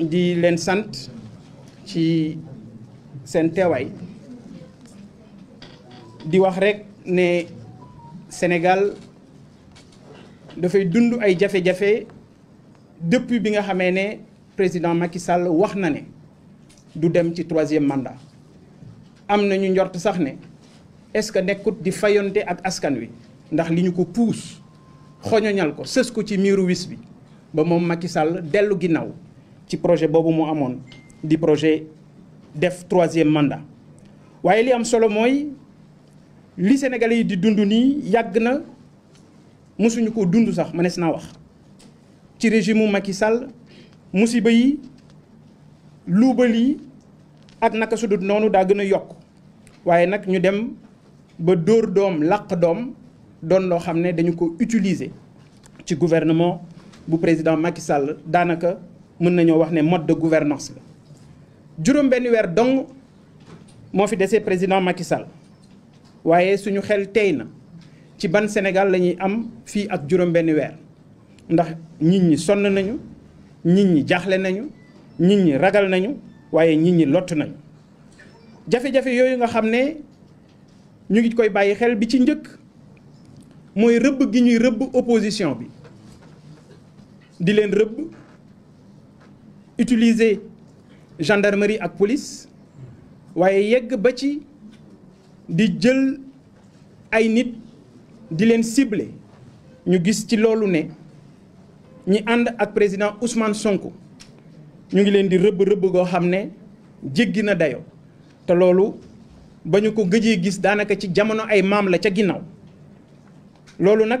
di leen sant ci seen teewaay di wax rekk ne Sénégal dafay dund ay jafe-jafe depuis bi nga xamee ne président Macky Sall wax na ne du dem ci troisième mandat am na ñu njort sax ne est-ce que nekkut di fayonte ak askan wi ndax li ñu ko puus xoñoñal ko sës ko ci miiru wis bi ba moom Macky Sall dellu ginnaaw ci projet bobu mu du di projet def 3e mandat waye li am solo moy li Sénégalais yi di dund ni yàgg na mosuñu ko dund sax mënees na wax ci régime Macky Sall musiba yi luubal yi ak naka sudut da gëna yok waye nak ñu dem ba dom laq dañu ko utiliser ci gouvernement bu président Macky Sall mën nañoo wax ne mode de gouvernance la juróom benn weer dong moo fi desee président Macky Sall waaye suñu xel tey na ci ban Sénégal la ñuy am fii ak juróom benn weer ndax nit ñi sonn nañu nit ñi jaaxle nañu nit ñi ragal nañu waaye nit ñi lott nañu jafe-jafe yooyu nga xam ne ñu ngi koy bàyyi xel bi ci njëkk mooy rëbb gi ñuy rëbb opposition bi di leen rëbb utiliser gendarmerie ak polis waaye yegg ba ci di jël ay nit di leen sible ñu gis ci loolu ne ñi ànd ak président Ousmane Sonko ñu ngi leen di rëbb rëbb goo xam ne jéggi na dayo te loolu ba ñu ko gëjee gis daanaka ci jamono ay maam la ca ginnaaw loolu nag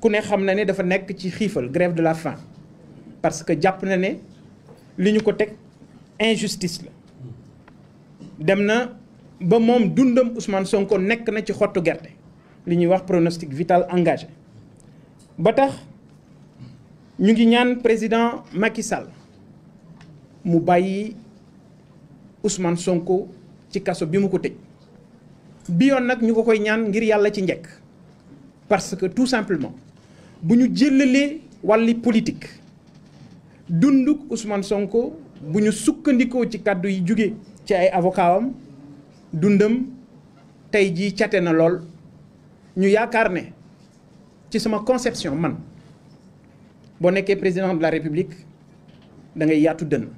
ku ne xam na ne dafa nekk ci grève de la faim parce que jàpp na ne li ko teg injustice la Demna, ba mom dundam Ousmane Sonko nek na ci xottu gerte li ñuy wax pronostic vital engagé ba tax ñu ngi ñaan président Macky Sall mu bayyi Ousmane Sonko ci kasso bi mu ko tej bi yoon ñu ko koy ñaan ngir yalla ci njëkk parce que tout simplement buñu ñu jëllalee wàlli politique dunduk Usman Sonko buñu ñu sukkandikoo ci kaddu yi jóge ci ay avocatam dundam tey ji cate na lool ñu yaakaar ne ci sama conception man bo nekkee président de la république da ngay yaatu dënn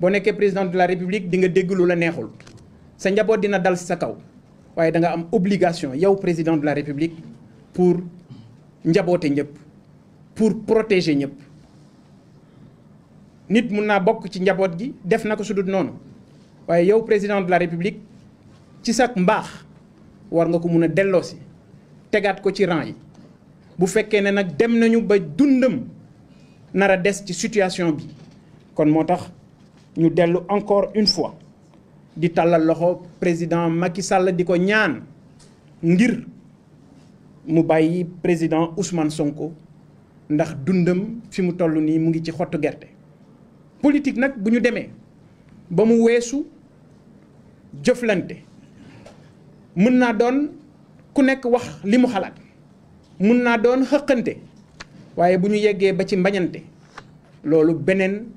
bo nekkee président de la république di nga dégg lu la neexul sa njaboot dina dal si sa kaw waaye da nga am obligation yow président de la république pour njaboté ñëpp pour protéger ñëpp nit mun naa bokk ci njabot gi def sudut non waye yow président de la république ci sa mbax war nga ko mëna a delloosi tegaat ko ci rang yi bu féké né nak dem nañu ba dundam nara dess ci situation bi kon motax ñu encore une fois di talal loxo président Macky Sall ñaan ngir mu bàyyi président Ousmane Sonko ndax dundam fi mu toll nii mu ngi ci xottu gerte politique nag bu ñu demee ba mu weesu jëflante mën naa doon ku nekk wax li mu xalaat mun naa doon xëqante waaye bu ñu yeggee ba ci mbañante loolu beneen